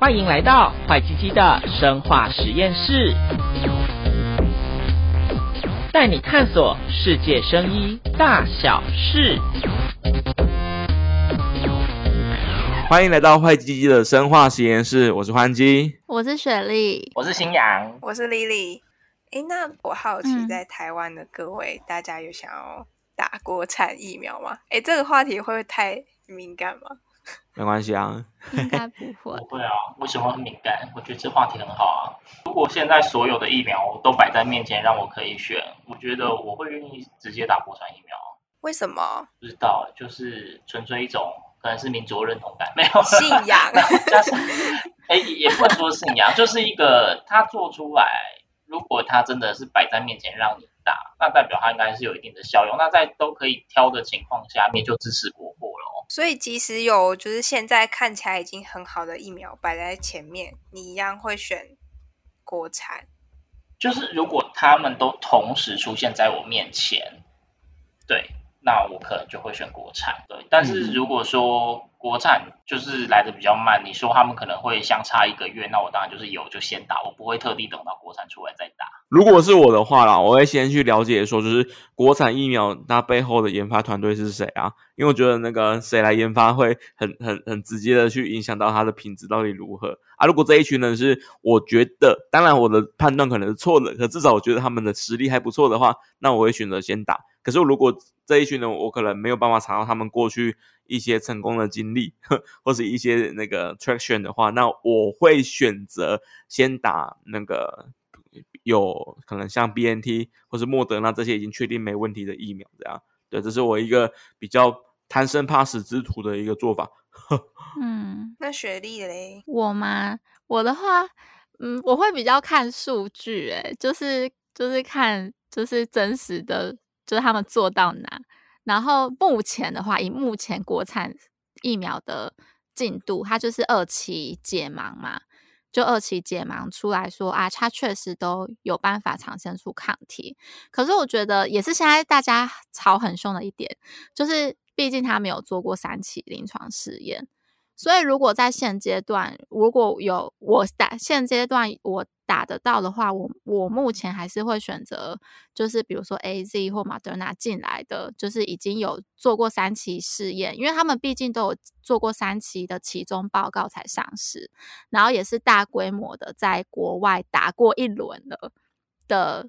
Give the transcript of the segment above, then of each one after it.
歡迎來到壞雞雞的生化實驗室，帶你探索世界生醫大小事。歡迎來到壞雞雞的生化實驗室，我是歡雞，我是雪莉，我是新陽，我是 Lily。誒，那我好奇，在台灣的各位、嗯，大家有想要打國產疫苗嗎？誒，這個話題會不會太敏感嗎？沒關係啊應該 不，不會，不會啊。為什麼很敏感？我覺得這話題很好啊。如果現在所有的疫苗都擺在面前，讓我可以選，我覺得我會願意直接打國產疫苗。為什麼？不知道，就是純粹一種可能是民族認同感，沒有信仰。哎、 欸，也不能說信仰， 就是一個他做出來，如果他真的是擺在面前讓你打，那代表他應該是有一定的效用。那在都可以挑的情況下面，就支持國貨。所以，即使有就是現在看起來已經很好的疫苗擺在前面，你一樣會選國產。就是如果他們都同時出現在我面前，對，那我可能就會選國產。對，但是如果說，嗯國產就是來的比較慢，你說他們可能會相差一個月，那我當然就是有，就先打，我不會特地等到國產出來再打。如果是我的話啦，我會先去了解說，就是國產疫苗它背後的研發團隊是誰啊？因為我覺得那個誰來研發會很、很、很直接的去影響到它的品質到底如何。啊、如果這一群人是，我覺得當然我的判斷可能是錯的，可至少我覺得他們的實力還不錯的話，那我會選擇先打。可是如果這一群人呢，我可能沒有辦法查到他們過去一些成功的經歷，呵，或是一些那個 traction 的話，那我會選擇先打那個有可能像 BNT 或是莫德納這些已經確定沒問題的疫苗這樣。對，這是我一個比較貪生怕死之徒的一個做法。 嗯，那雪莉嘞？我嗎？我的話，嗯，我會比較看數據，欸，誒，就是就是看就是真實的，就是他們做到哪。然後目前的話，以目前國產疫苗的進度，它就是二期解盲嘛，就二期解盲出來說啊，它確實都有辦法產生出抗體。可是我覺得也是現在大家吵很凶的一點，就是。畢竟他沒有做過三期臨床試驗，所以如果在現階段，如果有我打現階段我打得到的話，我我目前還是會選擇，就是比如說 AZ 或 Moderna 進來的，就是已經有做過三期試驗，因為他們畢竟都有做過三期的期中報告才上市，然後也是大規模的在國外打過一輪了的。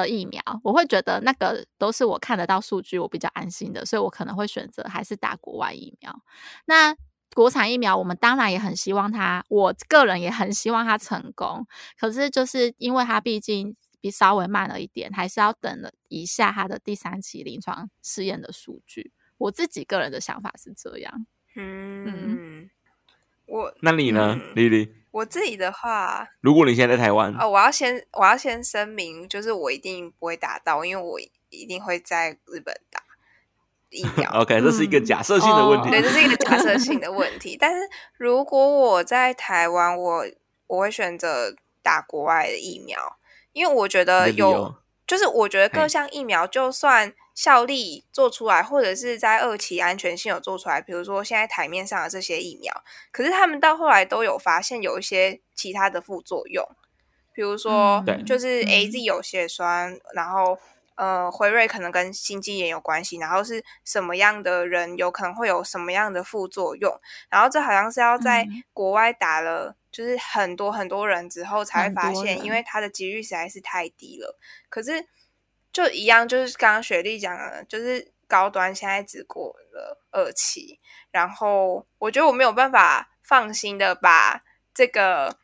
的疫苗，我會覺得那個都是我看得到數據，我比較安心的，所以我可能會選擇還是打國外疫苗。那國產疫苗，我們當然也很希望它，我個人也很希望它成功。可是就是因為它畢竟比稍微慢了一點，還是要等了一下它的第三期臨床試驗的數據。我自己個人的想法是這樣。嗯，嗯，我，那你呢，莉、嗯、莉？莉莉我自己的話，如果你現在在台灣，哦，我要先我要先聲明，就是我一定不會打到，因為我一定會在日本打疫苗。 Okay，這是一個假設性的問題。嗯、哦，對，這是一個假設性的問題。 但是如果我在台灣，我我會選擇打國外的疫苗，因為我覺得有，就是我覺得各項疫苗就算。效力做出來，或者是在二期安全性有做出來，比如說現在台面上的這些疫苗，可是他們到後來都有發現有一些其他的副作用，比如說，對，就是 A Z 有血栓，嗯，然後呃輝瑞可能跟心肌炎有關係，然後是什麼樣的人有可能會有什麼樣的副作用，然後這好像是要在國外打了，就是很多很多人之後才會發現，因為它的幾率實在是太低了，可是。就一樣，就是剛剛雪莉講的，就是高端現在只過了二期，然後我覺得我沒有辦法放心的把這個，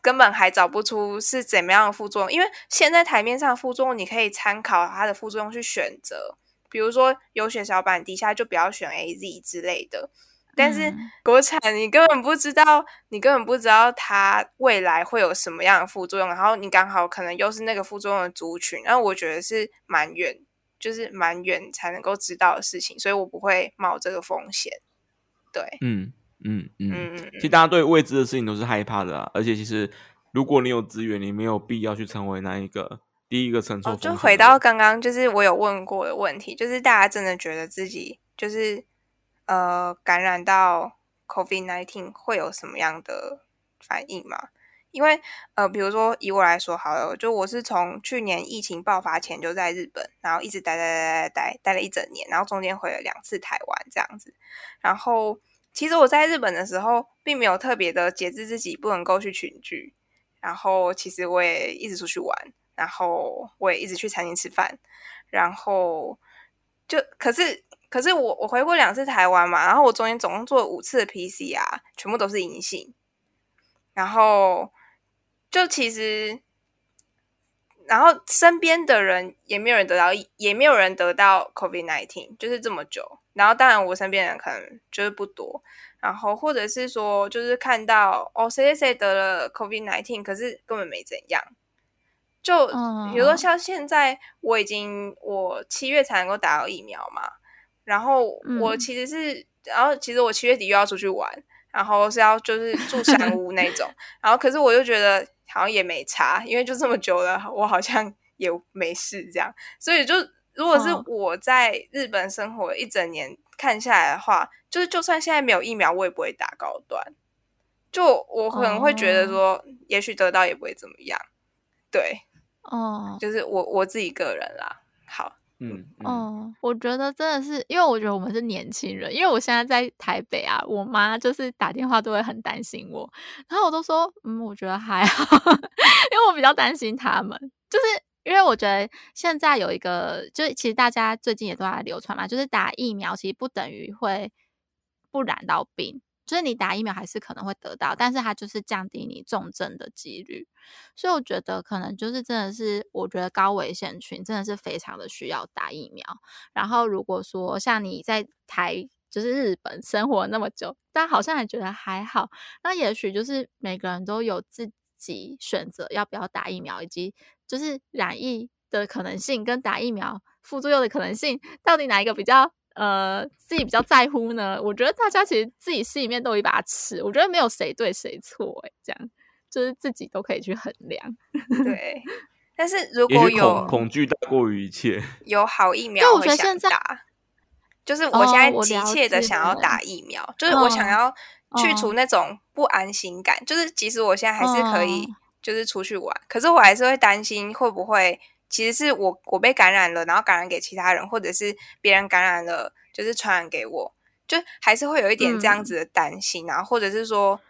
根本還找不出是怎麼樣的副作用，因為現在台面上副作用你可以參考它的副作用去選擇，比如說有血小板低下就不要選 AZ 之類的。但是國產，你根本不知道，你根本不知道它未來會有什麼樣的副作用，然後你剛好可能又是那個副作用的族群。那我覺得是蠻遠，就是蠻遠才能夠知道的事情，所以我不會冒這個風險。對，嗯嗯嗯，嗯。其實大家對未知的事情都是害怕的啊，而且其實如果你有資源，你沒有必要去成為那一個第一個承受。哦。就回到剛剛，就是我有問過的問題，就是大家真的覺得自己就是。呃，感染到 COVID-19 會有什麼樣的反應嗎？因為呃，比如說以我來說好了，就我是從去年疫情爆發前就在日本，然後一直待待待待待待了一整年，然後中間回了兩次台灣，這樣子。然後其實我在日本的時候，並沒有特別的節制自己不能夠去群聚，然後其實我也一直出去玩，然後我也一直去餐廳吃飯，然後就可是。可是我我回過兩次台灣嘛，然後我中間總共做了五次的 PCR，啊，全部都是陰性。然後就其實，然後身邊的人也沒有人得到，也沒有人得到 COVID nineteen，就是這麼久。然後當然我身邊的人可能就是不多。然後或者是說，就是看到哦誰誰誰得了 COVID nineteen，可是根本沒怎樣。就比如說像現在我已經我七月才能夠打到疫苗嘛。然後我其實是、嗯，然後其實我七月底又要出去玩，然後是要就是住山屋那種。 然後可是我又覺得好像也沒差，因為就這麼久了，我好像也沒事這樣。所以就如果是我在日本生活一整年看下來的話，哦，就是就算現在沒有疫苗，我也不會打高端。就我可能會覺得說，哦，也許得到也不會怎麼樣。對，哦，就是我我自己個人啦。好。嗯，嗯，哦，我覺得真的是，因為我覺得我們是年輕人，因為我現在在台北啊，我媽就是打電話都會很擔心我，然後我都說，嗯，我覺得還好， 因為我比較擔心他們，就是因為我覺得現在有一個，就其實大家最近也都在流傳嘛，就是打疫苗其實不等於會不染到病。就是你打疫苗還是可能會得到，但是它就是降低你重症的幾率。所以我覺得可能就是真的是，我覺得高危險群真的是非常的需要打疫苗。然後如果說像你在台就是日本生活那麼久，但好像也覺得還好，那也許就是每個人都有自己選擇要不要打疫苗，以及就是染疫的可能性跟打疫苗副作用的可能性，到底哪一個比較？呃，自己比較在乎呢。我覺得大家其實自己心裡面都有一把尺，我覺得沒有誰對誰錯。欸，這樣就是自己都可以去衡量。對，但是如果有恐懼大過於一切，有好疫苗會我想打。就是我現在急切的想要打疫苗。哦，我了解了，就是我想要去除那種不安心感。哦，就是其實我現在還是可以，就是出去玩。哦，可是我還是會擔心會不會。其實是我我被感染了，然後感染給其他人，或者是別人感染了，就是傳染給我，就還是會有一點這樣子的擔心。嗯、然後或者是說，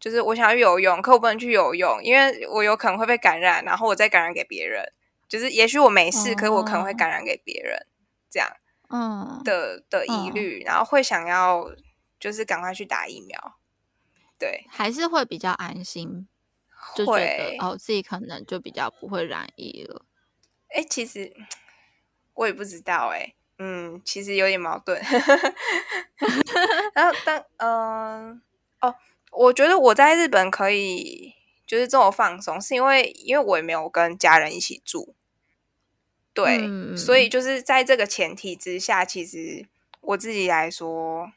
就是我想要游泳，可我不能去游泳，因為我有可能會被感染，然後我再感染給別人。就是也許我沒事，嗯、可是我可能會感染給別人，這樣的嗯的的疑慮、嗯，然後會想要就是趕快去打疫苗，對，還是會比較安心，就覺得，會。哦自己可能就比較不會染疫了。哎、欸，其實我也不知道哎，嗯，其實有點矛盾。 然後當，嗯、呃，哦，我覺得我在日本可以就是這麼放鬆，是因為因為我也沒有跟家人一起住，對、嗯，所以就是在這個前提之下，其實我自己來說，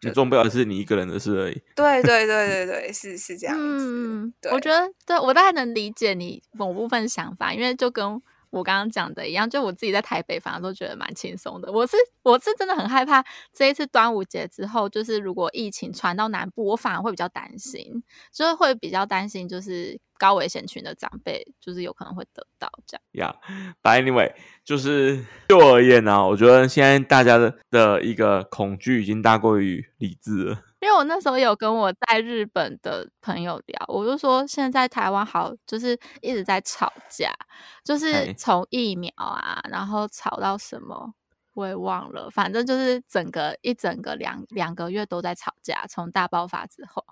最重要的是你一個人的事而已。對,對，對,對,對，對， 對，對，是是這樣子、嗯對。我覺得，對，我大概能理解你某部分想法，因為就跟。我剛剛講的一樣，就我自己在台北，反而都覺得蠻輕鬆的。我是我是真的很害怕這一次端午節之後，就是如果疫情傳到南部，我反而會比較擔心，就是會比較擔心，就是高危險群的長輩，就是有可能會得到這樣。Yeah, but anyway，就是對我而言呢，啊，我覺得現在大家的的一個恐懼已經大過於理智了。因為我那時候有跟我在日本的朋友聊，我就說，現在台灣好就是一直在吵架，就是從疫苗啊，然後吵到什麼我也忘了，反正就是整個一整個兩兩個月都在吵架，從大爆發之後，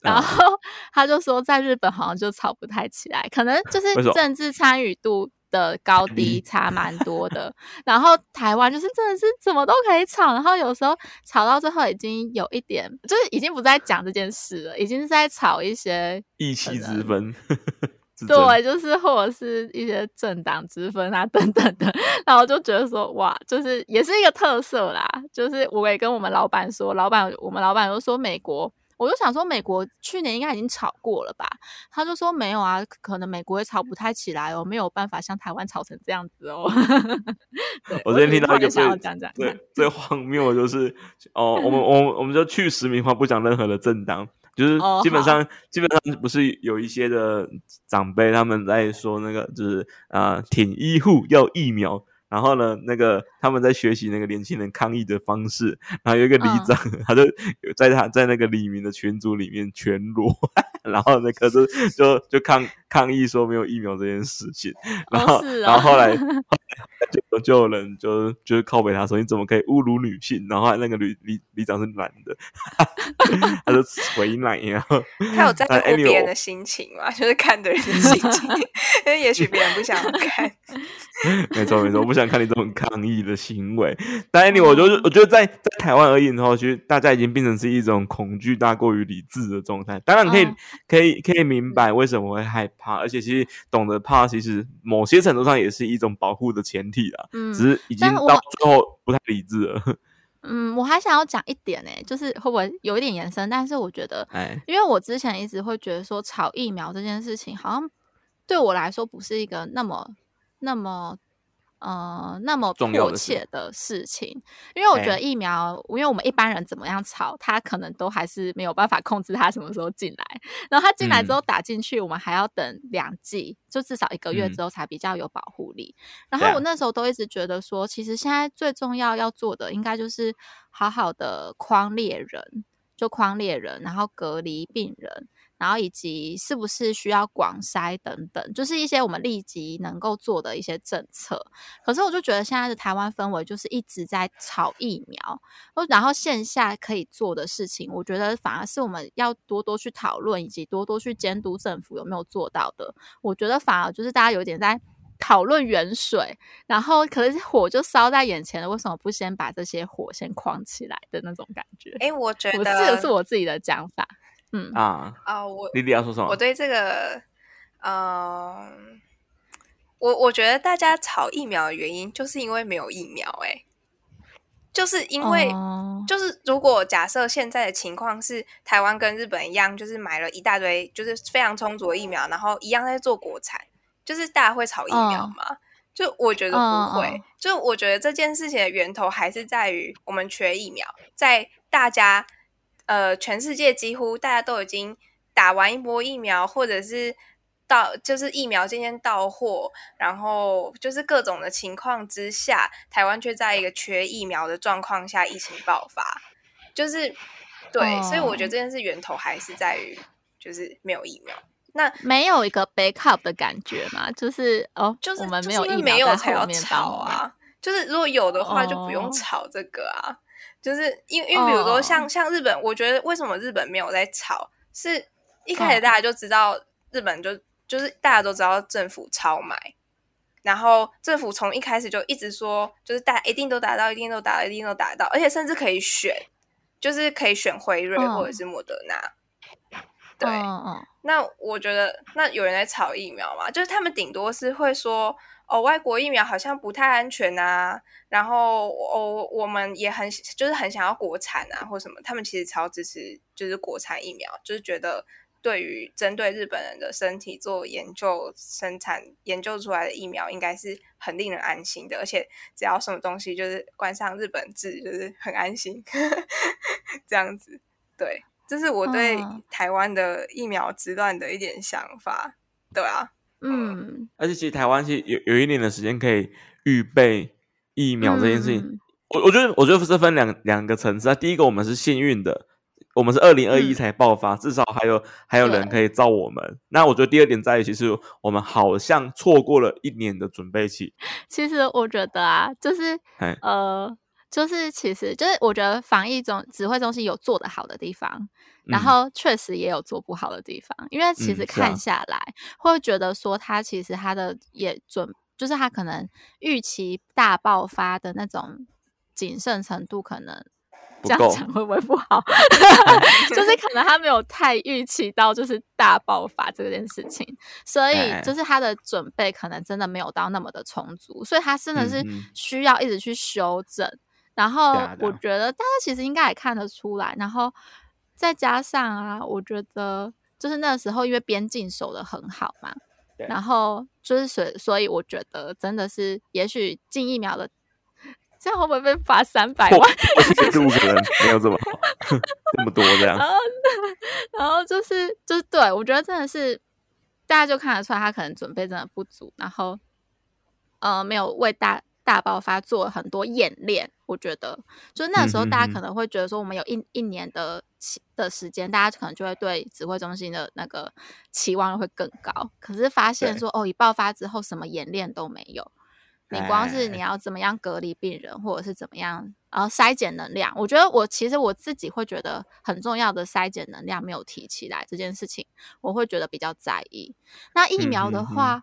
然後他就說在日本好像就吵不太起來，可能就是政治參與度。的高低差蠻多的， 然後台灣就是真的是怎麼都可以吵，然後有時候吵到最後已經有一點，就是已經不再講這件事了，已經是在吵一些意氣之分 之爭，對，就是或者是一些政黨之分啊等等的，然後就覺得說哇，就是也是一個特色啦，就是我也跟我們老板說，老板，我們老板都說美國。我就想說，美國去年應該已經吵過了吧？他就說沒有啊，可能美國也吵不太起來哦，沒有辦法像台灣吵成這樣子哦。 我今天聽到一個最 最荒謬的就是 哦，我們我我們就去實名化，不講任何的政黨，就是基本上、哦、基本上不是有一些的長輩他們在說那個就是啊、呃，挺醫護要疫苗。然後呢，那個他們在學習那個年輕人抗議的方式，然後有一個里長，嗯、他就在他在那個里民的群組裡面全裸，然後那個就就就抗抗議說沒有疫苗這件事情，然後、哦啊、然後後來。就就有人就就是靠北他說你怎麼可以侮辱女性？然後那個旅旅旅長是男的，他、啊、說回來呀， 他有在乎別人的心情嘛？ 就是看的人心情，因 為 也許別人不想看 沒。沒錯沒錯，我不想看你這種抗議的行為。但 anyway，我覺得我覺得在在台灣而言的話，其實大家已經變成是一種恐懼大過於理智的狀態。當然可以、嗯、可以可以明白為什麼會害怕，而且其實懂得怕，其實某些程度上也是一種保護的。前提啦，嗯，只是已經到最後不太理智了。 嗯，我還想要講一點呢、欸，就是會不會有一點延伸？但是我覺得，哎，因為我之前一直會覺得說，炒疫苗這件事情，好像對我來說不是一個那麼那麼。呃，那麼迫切的事情，因為我覺得疫苗，欸、因為我們一般人怎麼樣吵，他可能都還是沒有辦法控制他什麼時候進來。然後他進來之後打進去、嗯，我們還要等兩劑，就至少一個月之後才比較有保護力、嗯。然後我那時候都一直覺得說，其實現在最重要要做的，應該就是好好的匡列人，就匡列人，然後隔離病人。然後以及是不是需要廣篩等等，就是一些我們立即能夠做的一些政策。可是我就覺得現在的台灣氛圍就是一直在炒疫苗，然後線下可以做的事情，我覺得反而是我們要多多去討論以及多多去監督政府有沒有做到的。我覺得反而就是大家有點在討論遠水，然後可是火就燒在眼前了，為什麼不先把這些火先框起來的那種感覺？哎，我覺得，我是這個是我自己的講法。嗯啊啊！我莉莉要說什麼？我對這個，嗯、uh，我我覺得大家炒疫苗的原因，就是因為沒有疫苗、欸，哎，就是因為、uh... 就是如果假設現在的情況是台灣跟日本一樣，就是買了一大堆，就是非常充足的疫苗，然後一樣在做國產，就是大家會炒疫苗嗎？Uh... 就我覺得不會，uh... 就我覺得這件事情的源頭還是在於我們缺疫苗，在大家。呃，全世界幾乎大家都已經打完一波疫苗，或者是到就是疫苗今天到貨，然後就是各種的情況之下，台灣卻在一個缺疫苗的狀況下疫情爆發，就是對，oh. 所以我覺得這件事源頭還是在於就是沒有疫苗，那沒有一個 backup 的感覺嘛，就是哦，oh, 就是我們沒有疫苗在後吵。就是因為沒有才要吵啊，oh. 就是如果有的話就不用吵這個啊。就是因為，因為比如說像、oh. 像日本，我覺得為什麼日本沒有在炒？是一開始大家就知道日本就就是，大家都知道政府炒買，然後政府從一開始就一直說，就是大家、欸、一定都打到，一定都打到，一定都打到，而且甚至可以選，就是可以選輝瑞或者是莫德納。Oh. 對，那我覺得那有人在炒疫苗嘛？就是他們頂多是會說。哦，外國疫苗好像不太安全啊。然後，我、哦、我們也很就是很想要國產啊，或什麼。他們其實超支持，就是國產疫苗，就是覺得對於針對日本人的身體做研究生產研究出來的疫苗，應該是很令人安心的。而且只要什麼東西就是關上日本字，就是很安心呵呵。這樣子，對，這是我對台灣的疫苗之亂的一點想法。嗯、對啊。嗯，而且其實台灣其實有有一年的時間可以預備疫苗這件事情，嗯、我我覺得我覺得是分兩兩個層次啊。第一個，我們是幸運的，我們是二零二一才爆發，嗯，至少還有還有人可以照我們。那我覺得第二點在於，其實我們好像錯過了一年的準備期。其實我覺得啊，就是，呃。就是，其實就是我覺得防疫總指揮中心有做得好的地方，然後確實也有做不好的地方。嗯、因為其實看下來、嗯啊，會覺得說他其實他的也準，就是他可能預期大爆發的那種謹慎程度，可能這樣講會不會不好？ 就是可能他沒有太預期到，就是大爆發這件事情，所以就是他的準備可能真的沒有到那麼的充足，所以他真的是需要一直去修正。嗯然後我覺得大家、啊啊、其實應該也看得出來，然後再加上啊，我覺得就是那個時候因為邊境守得很好嘛，然後就是所所以我覺得真的是，也許進疫苗的，這樣會不會被罰三百萬？哦、我這不可能，沒有這麼好 這麼多這樣。然後,然後就是就是對我覺得真的是，大家就看得出來他可能準備真的不足，然後呃沒有為大。大爆發做了很多演練，我覺得就是那時候大家可能會覺得說，我們有一一年的期的時，時間，大家可能就會對指揮中心的那個期望會更高。可是發現說，哦，一爆發之後什麼演練都沒有，你光是你要怎麼樣隔離病人，或者是怎麼樣，然後篩檢能量，我覺得我其實我自己會覺得很重要的篩檢能量沒有提起來這件事情，我會覺得比較在意。那疫苗的話，嗯嗯嗯，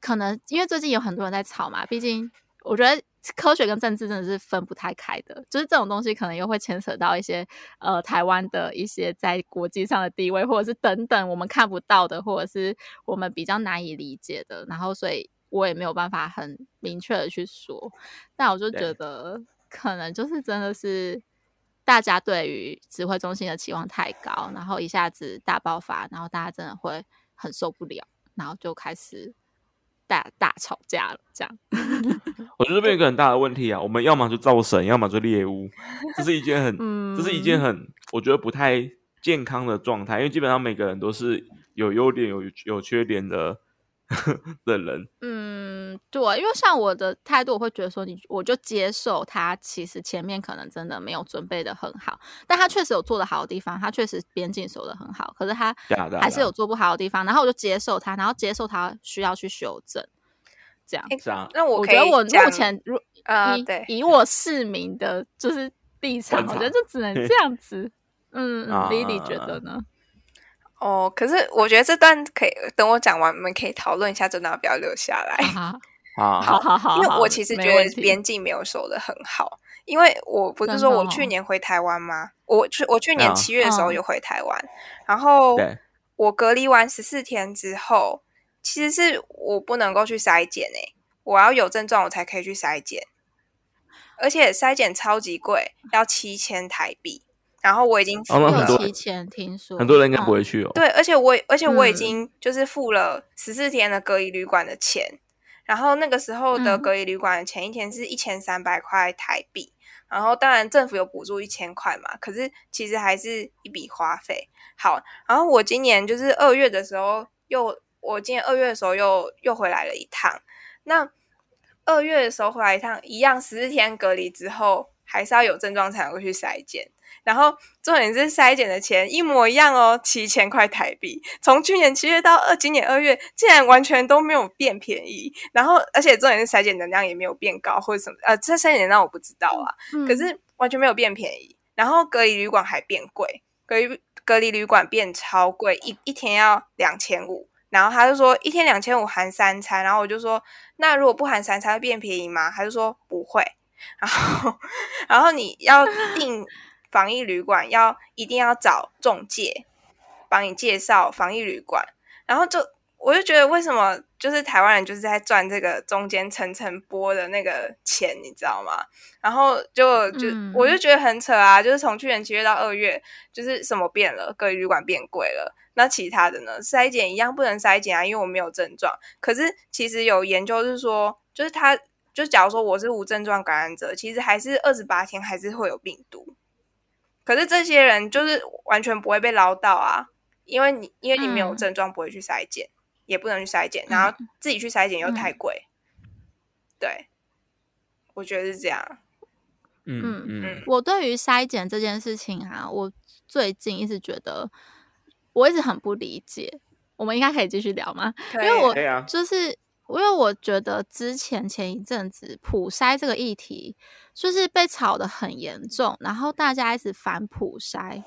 可能因為最近有很多人在吵嘛，畢竟。我覺得科學跟政治真的是分不太開的，就是這種東西可能又會牽扯到一些呃台灣的一些在國際上的地位，或者是等等我們看不到的，或者是我們比較難以理解的。然後，所以我也沒有辦法很明確的去說。但我就覺得可能就是真的是大家對於指揮中心的期望太高，然後一下子大爆發，然後大家真的會很受不了，然後就開始。大大吵架了，這樣。 我覺得這邊有一個很大的問題啊，我們要麼就造神，要麼就獵巫，這是一件很、 嗯，這是一件很，我覺得不太健康的狀態，因為基本上每個人都是有優點有有缺點的。的 人，嗯，對，因為像我的態度，我會覺得說你，你我就接受他，其實前面可能真的沒有準備的很好，但他確實有做的好的地方，他確實邊境守的很好，可是他還是有做不好的地方，的地方，然後我就接受他，然後接受他需要去修正，這樣，欸、那我，我覺得我目前如、呃、以以我市民的，就是立場，場，我覺得就只能這樣子， 嗯，Lily、啊啊啊啊、覺得呢？哦，可是我覺得這段可以等我講完，我們可以討論一下，這段要不要留下來？啊， 好，好，好，好，因為我其實覺得邊境沒有守的很好，因為我不是說我去年回台灣嗎？嗯、我去，我去年七月的時候就回台灣，嗯、然後我隔離完十四天之後，其實是我不能夠去篩檢誒、欸，我要有症狀我才可以去篩檢，而且篩檢超級貴，要七千台幣。然後我已經提前、哦、聽說，很多人應該不會去哦、啊。對，而且我，而且我已經就是付了十四天的隔離旅館的錢、嗯。然後那個時候的隔離旅館的前一天是一千三百塊台幣、嗯，然後當然政府有補助一千塊嘛，可是其實還是一筆花費。好，然後我今年就是二月的時候，又我今年二月的時候又時候又，又回來了一趟。那二月的時候回來一趟，一樣十四天隔離之後，還是要有症狀才會去篩檢。然後重點是篩檢的錢一模一樣哦，七千塊台幣，從去年七月到二今年二月，竟然完全都沒有變便宜。然後，而且重點是篩檢能量也沒有變高或者什麼，呃，這篩檢量我不知道啊。可是完全沒有變便宜。然後隔離旅館還變貴，隔離隔離旅館變超貴，一一天要兩千五。然後他就說一天兩千五含三餐。然後我就說那如果不含三餐會變便宜嗎？他就說不會。然後然後你要定。 防疫旅館要一定要找仲介幫你介紹防疫旅館，然後就我就覺得為什麼就是台灣人就是在賺這個中間層層剝的那個錢，你知道嗎？然後就就我就覺得很扯啊！就是從去年七月到二月，就是什麼變了？隔離旅館變貴了，那其他的呢？篩檢一樣不能篩檢啊，因為我沒有症狀。可是其實有研究是說，就是他就假如說我是無症狀感染者，其實還是二十八天還是會有病毒。可是這些人就是完全不會被撈到啊，因為你因為你沒有症狀，不會去篩檢、嗯、也不能去篩檢然後自己去篩檢又太貴、嗯，對，我覺得是這樣。嗯嗯嗯，我對於篩檢這件事情啊，我最近一直覺得，我一直很不理解。我們應該可以繼續聊嗎？因為我就是。因為我覺得之前前一陣子普篩這個議題，就是被炒得很嚴重，然後大家一直反普篩。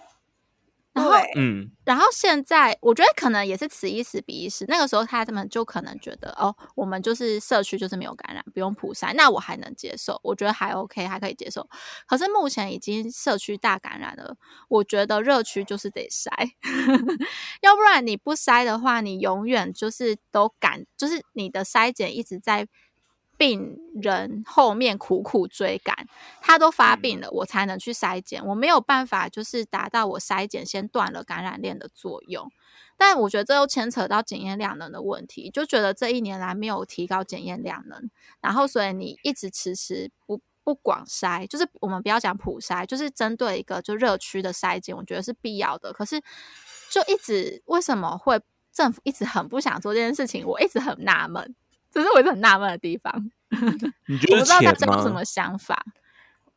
然後，嗯，然後現在我覺得可能也是此一時彼一時。那個時候他們就可能覺得，哦，我們就是社區就是沒有感染，不用普篩，那我還能接受，我覺得還 OK，還可以接受。可是目前已經社區大感染了，我覺得熱區就是得篩， 要不然你不篩的話，你永遠就是都感，就是你的篩檢一直在。病人後面苦苦追趕，他都發病了，我才能去篩檢。我沒有辦法，就是達到我篩檢先斷了感染鏈的作用。但我覺得這又牽扯到檢驗量能的問題，就覺得這一年來沒有提高檢驗量能，然後所以你一直遲遲不不廣篩，就是我們不要講普篩，就是針對一個就熱區的篩檢，我覺得是必要的。可是就一直為什麼會政府一直很不想做這件事情，我一直很納悶。只是我一直很納悶的地方。 我不知道大家有什麼想法。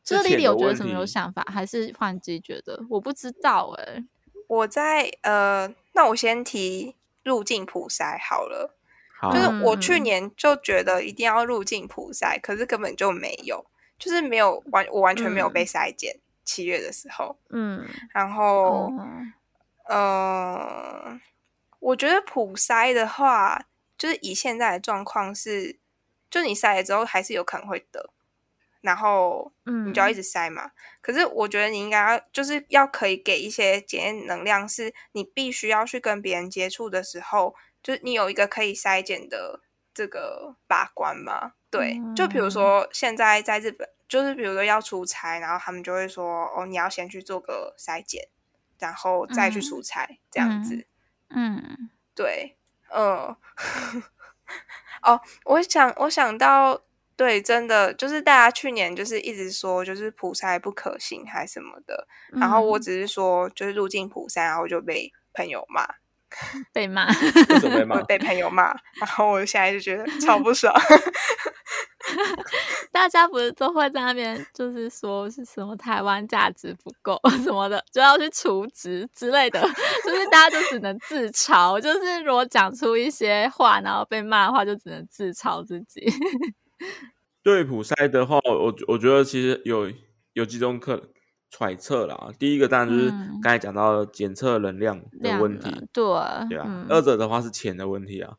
就是莉莉有覺得什麼有想法，還是換機覺得？我不知道哎、欸。我在呃，那我先提入境普篩好了。好。就是我去年就覺得一定要入境普篩、嗯，可是根本就沒有，就是沒有完，我完全沒有被篩檢。七、嗯、月的時候，嗯，然後，嗯、呃，我覺得普篩的話。就是以現在的狀況是，就你篩了之後還是有可能會得，然後你就要一直篩嘛、嗯。可是我覺得你應該要就是要可以給一些檢驗能量，是你必須要去跟別人接觸的時候，就是你有一個可以篩檢的這個把關嘛。對，就比如說現在在日本，就是比如說要出差，然後他們就會說哦，你要先去做個篩檢，然後再去出差、嗯、這樣子。嗯，嗯對。嗯呵呵，哦，我想，我想到，對，真的就是大家去年就是一直說，就是普篩不可行還什麼的、嗯，然後我只是說就是入境普篩，然後就被朋友罵。被罵， 被朋友罵，然後我現在就覺得超不爽。 大家不是都會在那邊，就是說是什麼台灣價值不夠什麼的，就要去除職之類的，就是大家就只能自嘲。就是如果講出一些話，然後被罵的話，就只能自嘲自己。 對普賽的話，我我覺得其實有有幾種可能。揣測啦，第一個當然就是剛才講到檢測能量的問題，對、嗯、對啊，對啊、嗯，二者的話是錢的問題啊。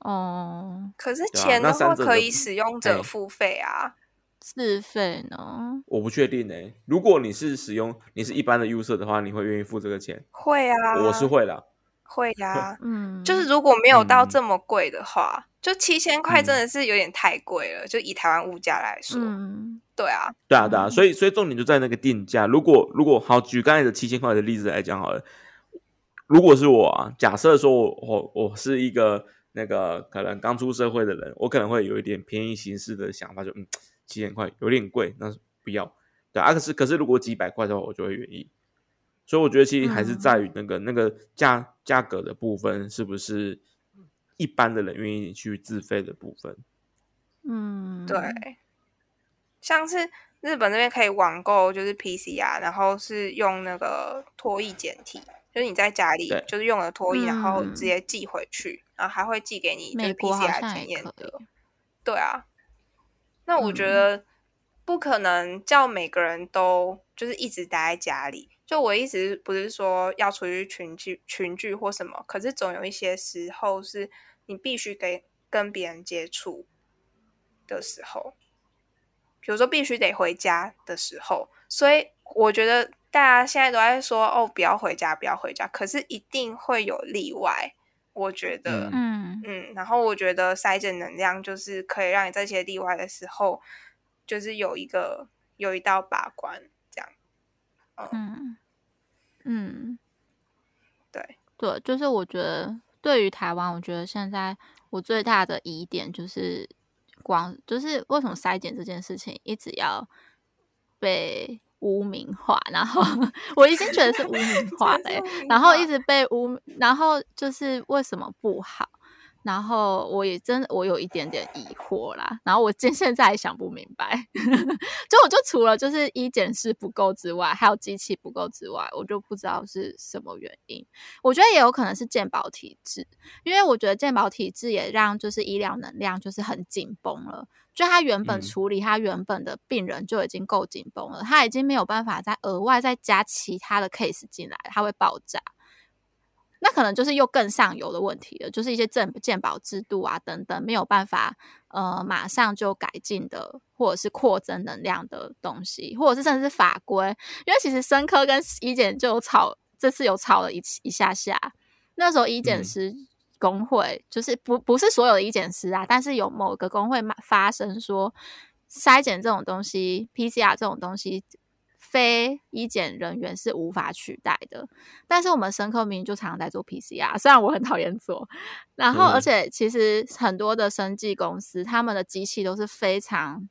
哦，可是錢的話可以使用者付費啊，自費呢？我不確定呢、欸。如果你是使用你是一般的 user 的話，你會願意付這個錢？會啊，我是會啦。會呀、啊， 嗯，就是如果沒有到這麼貴的話，嗯、就七千塊真的是有點太貴了，嗯、就以台灣物價來說。嗯對啊，對啊，對啊，所以，所以重點就在那個定價。嗯、如果，如果好舉剛才的七千塊的例子來講好了，如果是我啊，假設說我，我我是一個那個可能剛出社會的人，我可能會有一點便宜行事的想法就，就嗯，七千塊有點貴，那不要。對啊，啊可是可是如果幾百塊的話，我就會願意。所以我覺得其實還是在於那個、嗯、那個價價格的部分，是不是一般的人願意去自費的部分？嗯，對。像是日本那邊可以網購，就是 PCR，然後是用那個唾液檢體，就是你在家裡就是用了唾液、嗯，然後直接寄回去，然後還會寄給你就 PCR 的檢驗的。對啊，那我覺得不可能叫每個人都就是一直待在家裡。嗯、就我一直不是說要出去群聚群聚或什麼，可是總有一些時候是你必須得跟、跟別人接觸的時候。比如說必須得回家的時候，所以我覺得大家現在都在說哦，不要回家，不要回家。可是一定會有例外，我覺得，嗯嗯。然後我覺得篩檢能量就是可以讓你這些例外的時候，就是有一個有一道把關這樣。嗯嗯，對對，就是我覺得對於台灣，我覺得現在我最大的疑點就是。光就是為什麼篩檢這件事情一直要被污名化，然後 我已經覺得是污名化了，欸， 然後一直被污，然後就是為什麼不好？然後我也真，我有一點點疑惑啦。然後我現現在也想不明白， 就我就除了就是醫檢師不夠之外，還有機器不夠之外，我就不知道是什麼原因。我覺得也有可能是健保體制，因為我覺得健保體制也讓就是醫療能量就是很緊繃了。就他原本處理他原本的病人就已經夠緊繃了，嗯、他已經沒有辦法再額外再加其他的 case 進來，他會爆炸。那可能就是又更上游的問題了，就是一些證鑑保制度啊等等沒有辦法呃馬上就改進的，或者是擴增能量的東西，或者是甚至是法規，因為其實生科跟醫檢就有吵，這次有吵了一一下下，那時候醫檢師工會、嗯、就是不不是所有的醫檢師啊，但是有某個工會發聲說篩檢這種東西、PCR 這種東西。非醫檢人員是無法取代的，但是我們生科明明就常常在做 PCR，雖然我很討厭做。然後，而且其實很多的生技公司，嗯、他們的機器都是非常，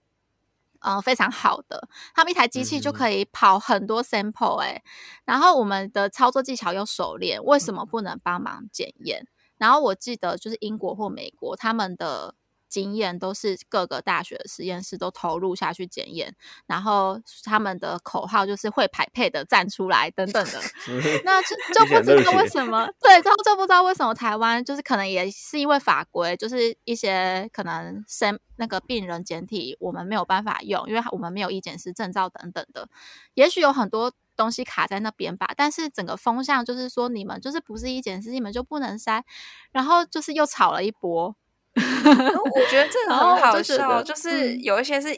嗯、呃，非常好的，他們一台機器就可以跑很多 sample 哎、欸嗯。然後我們的操作技巧又熟練，為什麼不能幫忙檢驗？然後我記得就是英國或美國他們的。經驗都是各個大學的實驗室都投入下去檢驗，然後他們的口號就是會排配的站出來等等的， 那就，就不知道為什麼 對，就就不知道為什麼台灣就是可能也是因為法規，就是一些可能篩那個病人檢體我們沒有辦法用，因為我們沒有醫檢師證照等等的，也許有很多東西卡在那邊吧。但是整個風向就是說，你們就是不是醫檢師，你們就不能篩，然後就是又吵了一波。 我覺得這很好笑、oh, 就是，就是有一些是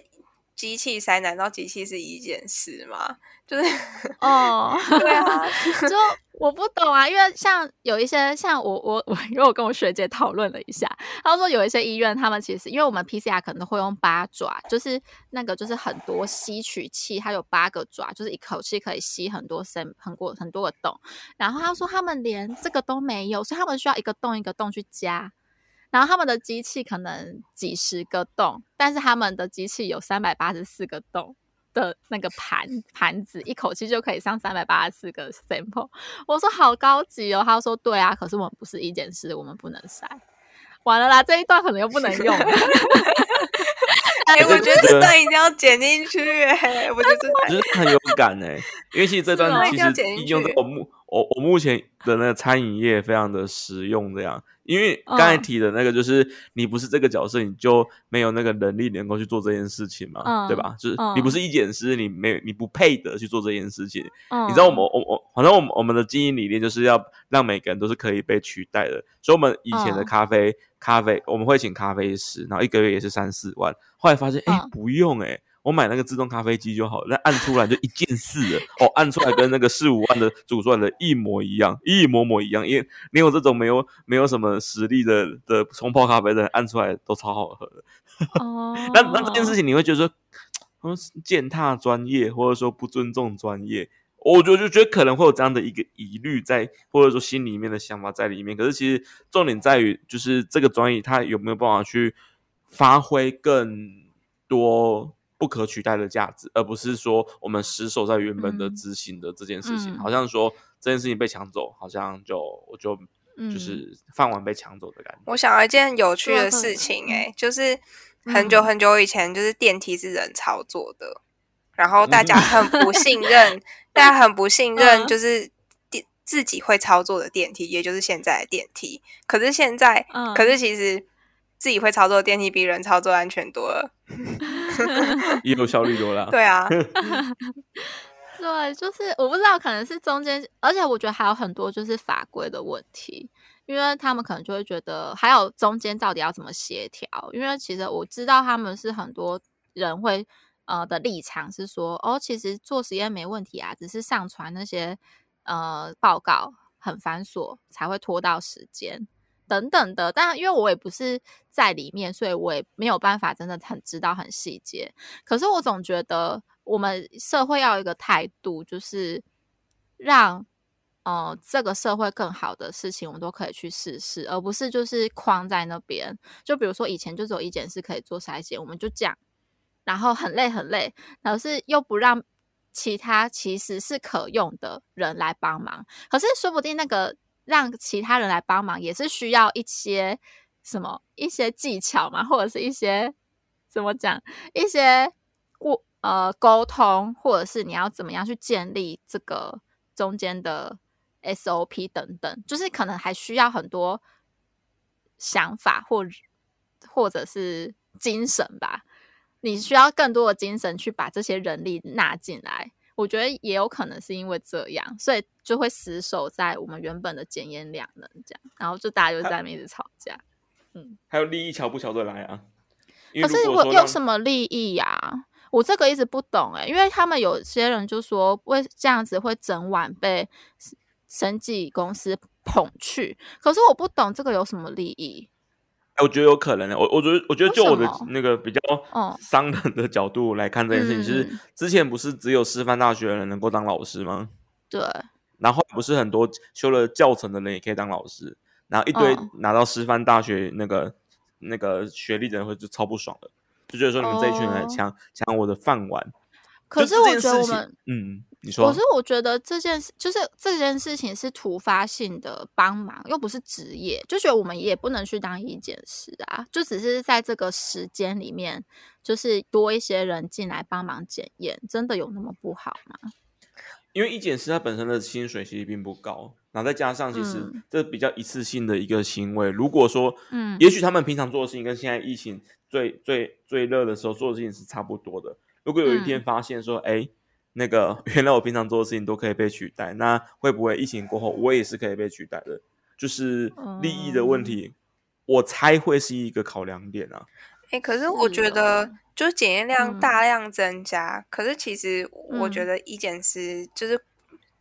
機器塞，難道機器是一件事嗎？嗯、就是哦， oh, 對啊， 就我不懂啊，因為像有一些像我我我，因為我跟我學姐討論了一下，她說有一些醫院他們其實因為我們 PCR 可能會用八爪，就是那個就是很多吸取器，它有八個爪，就是一口氣可以吸很多聲、很過很多個洞。然後她說他們連這個都沒有，所以他們需要一個洞一個洞去加。然後他們的機器可能幾十個洞，但是他們的機器有三百八十四個洞的那個盤盤子，一口氣就可以上三百八十四個 sample。我說好高級哦，他說對啊，可是我們不是一件事，我們不能篩，完了啦，這一段可能又不能用了。哎、 欸，我覺得、欸、這段一定要剪進去，哎，我覺得很勇敢哎，尤其這段其實已經是我們。我我目前的那個餐飲業非常的實用，這樣，因為剛才提的那個就是、嗯、你不是這個角色，你就沒有那個能力能夠去做這件事情嘛、嗯，對吧？就是你不是醫檢師，你沒你不配得去做這件事情。嗯、你知道我們我我反正我們，我們，我，們我們的經營理念就是要讓每個人都是可以被取代的，所以我們以前的咖啡、嗯、咖啡我們會請咖啡師，然後一個月也是三四萬，後來發現哎、嗯欸、不用哎、欸。我買那個自動咖啡機就好，那按出來就一鍵式的。 哦，按出來跟那個四五萬的煮出來的一模一樣， 一模模一樣。因為你有這種沒有沒有什麼實力的的沖泡咖啡的人，按出來都超好喝的。哦、 oh.，那那這件事情你會覺得說，嗯，踐踏專業或者說不尊重專業？我覺得就覺得可能會有這樣的一個疑慮在，或者說心裡面的想法在裡面。可是其實重點在於，就是這個專業它有沒有辦法去發揮更多。不可取代的價值，而不是說我們失守在原本的執行的這件事情，嗯嗯，好像說這件事情被搶走，好像就我就、嗯、就是飯碗被搶走的感覺。我想了一件有趣的事情，欸，哎，就是很久很久以前，就是電梯是人操作的，嗯，然後大家很不信任，嗯，大家很不信任，就是電自己會操作的電梯，也就是現在的電梯。可是現在，嗯，可是其實，自己會操作電梯比人操作安全多了，一路效率多了、啊。對啊 對，就是我不知道，可能是中間，而且我覺得還有很多就是法規的問題，因為他們可能就會覺得還有中間到底要怎麼協調？因為其實我知道他們是很多人會呃的立場是說，哦，其實做實驗沒問題啊，只是上傳那些呃報告很繁瑣才會拖到時間。等等的，但因為我也不是在裡面，所以我也沒有辦法真的很知道很細節。可是我總覺得我們社會要有一個態度，就是讓呃這個社會更好的事情，我們都可以去試試，而不是就是框在那邊。就比如說以前就只有一件事可以做篩檢，我們就這樣，然後很累很累，然後是又不讓其他其實是可用的人來幫忙。可是說不定那個。讓其他人來幫忙也是需要一些什麼一些技巧嘛，或者是一些怎麼講，一些溝呃溝通，或者是你要怎麼樣去建立這個中間的 SOP 等等，就是可能還需要很多想法或或者是精神吧。你需要更多的精神去把這些人力納進來。我覺得也有可能是因為這樣，所以就會死守在我們原本的檢驗量能這樣，然後就大家就在那邊一直吵架，嗯，還有利益喬不喬得來啊？可、啊、是我有，有什麼利益呀？啊？我這個一直不懂哎、欸，因為他們有些人就說會這樣子會整碗被生技公司捧去，可是我不懂這個有什麼利益。哎，我覺得有可能。我我覺得，我覺得，就我的那個比較商人的角度來看，這件事情就是之前不是只有師範大學的人能夠當老師嗎？對。然後不是很多修了教程的人也可以當老師，然後一堆拿到師範大學那個、嗯、那個學歷的人會就超不爽的，就覺得說你們這一群人搶搶、哦、我的飯碗。可是我覺得我們，嗯。我是我覺得這件事就是這件事情是突發性的幫忙，又不是職業，就覺得我們也不能去當醫檢師啊，就只是在這個時間裡面，就是多一些人進來幫忙檢驗，真的有那麼不好嗎？因為醫檢師他本身的薪水其實並不高，然後再加上其實這比較一次性的一個行為，嗯、如果說，嗯，也許他們平常做的事情跟現在疫情最、嗯、最最熱的時候做的事情是差不多的，如果有一天發現說，哎、嗯。欸那個原來我平常做的事情都可以被取代，那會不會疫情過後我也是可以被取代的？就是利益的問題，嗯、我猜會是一個考量點啊。哎、欸，可是我覺得，就是檢驗量大量增加、啊嗯，可是其實我覺得一檢是就是，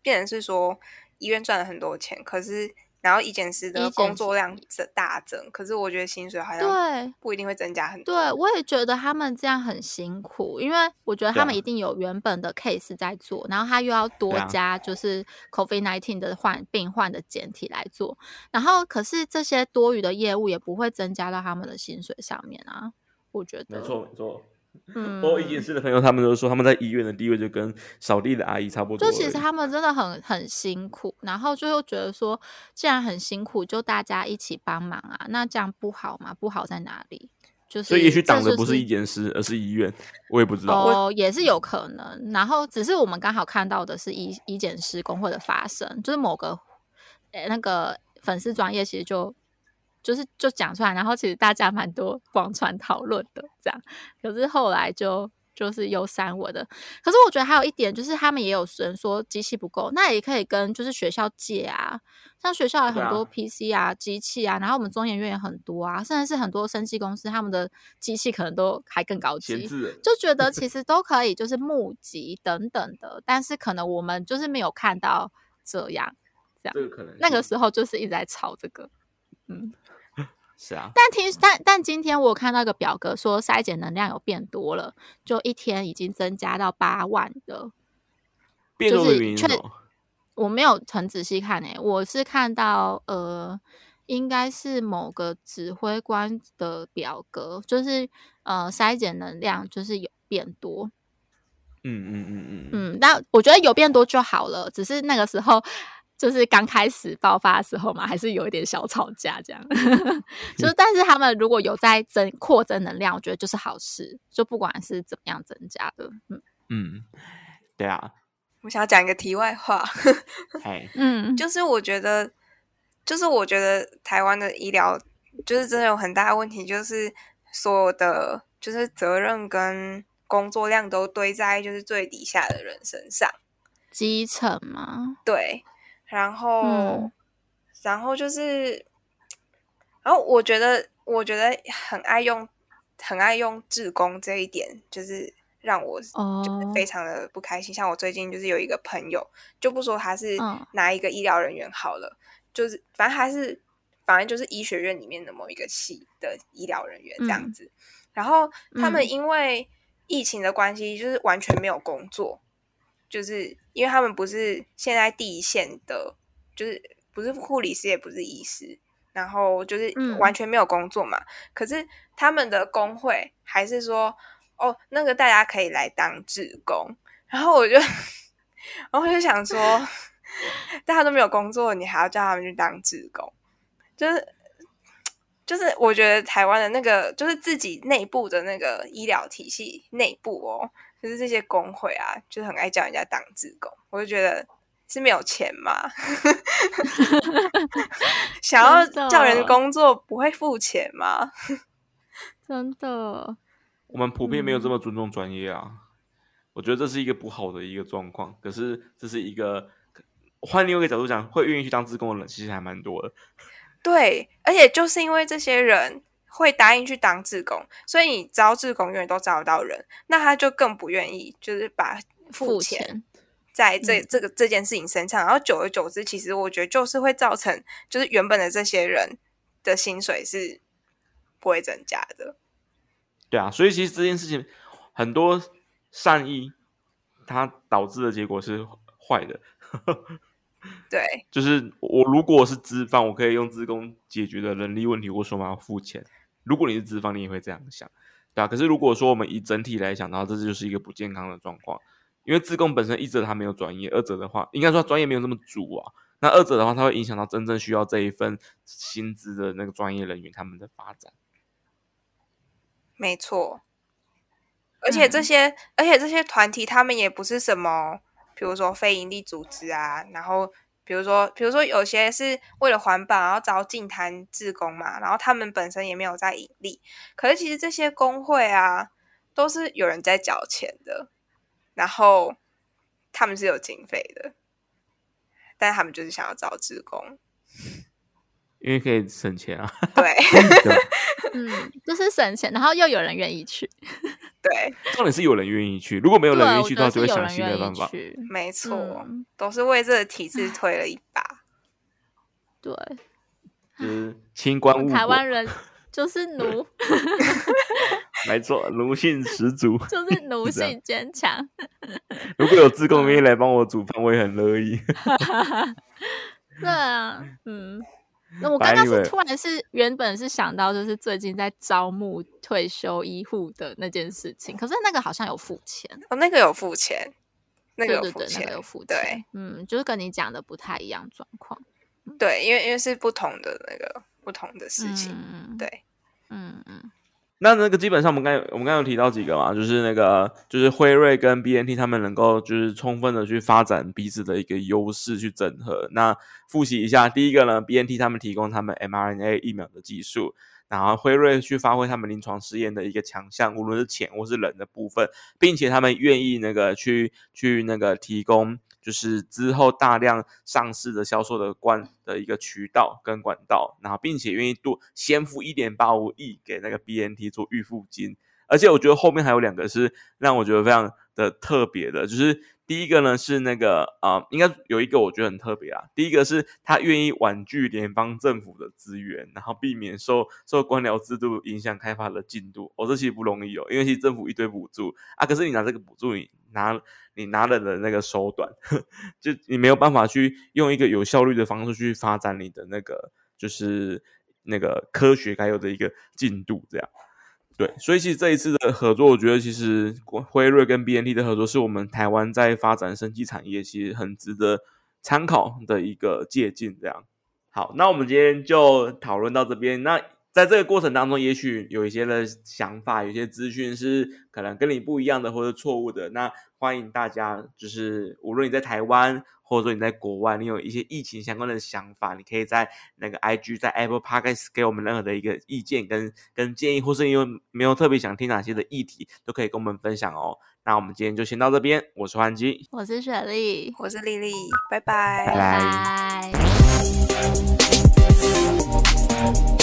變成是說醫院賺了很多錢，可是。然後醫檢師的工作量是大增，可是我覺得薪水好像不一定會增加很多對。對，我也覺得他們這樣很辛苦，因為我覺得他們一定有原本的 case 在做，啊、然後他又要多加就是 COVID-19 的患病患的檢體來做、啊，然後可是這些多餘的業務也不會增加到他們的薪水上面啊，我覺得沒錯沒錯。沒錯。嗯，我、 哦、醫檢師的朋友，他們都說他們在醫院的地位就跟掃地的阿姨差不多。就其實他們真的很很辛苦，然後就又覺得說，既然很辛苦，就大家一起幫忙啊，那這樣不好嗎？不好在哪裡？就是所以也許擋的不是醫檢師，而是醫院，我也不知道。哦，也是有可能。然後只是我們剛好看到的是醫醫檢師工會的發生，就是某個、欸、那個粉絲專業，其實就。就是就講出來，然後其實大家蠻多廣傳討論的這樣，可是後來就就是又刪我的。可是我覺得還有一點，就是他們也有人說機器不夠，那也可以跟就是學校借啊，像學校有很多 PC 啊機器啊，然後我們中研院也很多啊，甚至是很多生技公司他們的機器可能都還更高級，就覺得其實都可以就是募集等等的， 但是可能我們就是沒有看到這樣這樣，這個可能那個時候就是一直在吵這個，嗯。是啊，但聽但但今天我看到一個表格說，篩檢能量有變多了，就一天已經增加到八萬的，變多了就是確實，我沒有很仔細看呢、欸，我是看到呃，應該是某個指揮官的表格，就是呃，篩檢能量就是有變多，嗯嗯嗯嗯嗯，那、嗯嗯、我覺得有變多就好了，只是那個時候。就是剛開始爆發的時候嘛，還是有一點小吵架，這樣。 就是，但是他們如果有在增、嗯、擴增能量，我覺得就是好事。就不管是怎麼樣增加的，嗯嗯，對啊。我想要講一個題外話。 哎，嗯，就是我覺得，就是我覺得台灣的醫療，就是真的有很大的問題，就是所有的就是責任跟工作量都堆在就是最底下的人身上，基層嘛？對。然後、嗯，然後就是，然後我覺得，我覺得很愛用，很愛用志工這一點，就是讓我就非常的不開心、哦。像我最近就是有一個朋友，就不說他是哪一個醫療人員好了，嗯、就是反正還是反正就是醫學院裡面的某一個系的醫療人員這樣子、嗯。然後他們因為疫情的關係，就是完全沒有工作。就是因為他們不是現在第一線的，就是不是護理師也不是醫師，然後就是完全沒有工作嘛。嗯、可是他們的工會還是說，哦，那個大家可以來當志工。然後我就，然後我就想說，大家都沒有工作，你還要叫他們去當志工？就是就是，我覺得台灣的那個就是自己內部的那個醫療體系內部哦。就是這些工會啊，就是很愛叫人家當志工，我就覺得是沒有錢嘛， 想要叫人工作不會付錢嗎？ 真的，我們普遍沒有這麼尊重專業啊。嗯。我覺得這是一個不好的一個狀況。可是，這是一個換另外一個角度講，會願意去當志工的人其實還蠻多的。對，而且就是因為這些人。會答應去當志工，所以你招志工永遠都招不到人，那他就更不願意就是把付錢在這錢這，這個這件事情身上，嗯，然後久而久之，其實我覺得就是會造成，就是原本的這些人的薪水是不會增加的。對啊，所以其實這件事情很多善意，它導致的結果是壞的。 對，就是我如果是資方，我可以用志工解決的人力問題，為什麼要付錢？如果你是資方，你也會這樣想，對吧，啊？可是如果說我們以整體來想的話，然後這就是一個不健康的狀況，因為志工本身一者他沒有專業，二者的話，應該說專業沒有這麼足啊。那二者的話，它會影響到真正需要這一份薪資的那個專業人員他們的發展。沒錯，而且這些，嗯、而且這些團體他們也不是什麼，比如說非營利組織啊，然後。比如說，比如說，有些是為了環保，然後找淨灘志工嘛，然後他們本身也沒有在盈利。可是其實這些工會啊，都是有人在繳錢的，然後他們是有經費的，但他們就是想要找志工。因為可以省錢啊！對 嗯，就是省錢，然後又有人願意去，對，重點是有人願意去。如果沒有人願意去，到底就，就會想新的辦法。沒錯，嗯、都是為這個體制推了一把。嗯、對，就是清官。台灣人就是奴， 沒錯，奴性十足，就是奴性堅強。如果有自貢願意來幫我煮飯，我也很樂意。對 啊， 嗯。那我剛剛是突然，是原本是想到，就是最近在招募退休醫護的那件事情，可是那個好像有付錢，哦，那個有付錢，那個有付錢，對，對，對，那個有付錢，對，嗯，就是跟你講的不太一樣狀況，對，因為因為是不同的那個不同的事情，嗯，對，嗯嗯。那那個基本上我們剛有我們剛有提到幾個嘛，就是那個就是輝瑞跟 BNT 他們能夠就是充分的去發展彼此的一個優勢去整合。那複習一下，第一個呢，BNT 他們提供他們 mRNA 疫苗的技術，然後輝瑞去發揮他們臨床試驗的一個強項，無論是錢或是人的部分，並且他們願意那個去去那個提供。就是之後大量上市的銷售的關的一個渠道跟管道，然後並且願意多先付一點八五億給那個 BNT 做預付金，而且我覺得後面還有兩個是讓我覺得非常的特別的，就是第一個呢是那個啊、呃，應該有一個我覺得很特別啊，第一個是他願意婉拒聯邦政府的資源，然後避免受受官僚制度影響開發的進度。哦，我這其實不容易哦，因為其實政府一堆補助啊，可是你拿這個補助你。拿你拿了的那個手段，就你沒有辦法去用一個有效率的方式去發展你的那個，就是那個科學該有的一個進度，這樣。對，所以其實這一次的合作，我覺得其實輝瑞跟 BNT 的合作，是我們台灣在發展生技產業，其實很值得參考的一個借鑑。這樣，好，那我們今天就討論到這邊。那在這個過程當中，也許有一些的想法，有些資訊是可能跟你不一樣的，或者錯誤的。那歡迎大家，就是無論你在台灣，或者說你在國外，你有一些疫情相關的想法，你可以在那個 IG，在 Apple Podcast 給我們任何的一個意見跟跟建議，或是因為沒有特別想聽哪些的議題，都可以跟我們分享哦。那我們今天就先到這邊，我是歡姬，我是雪莉，我是麗麗，拜拜，拜拜。Bye bye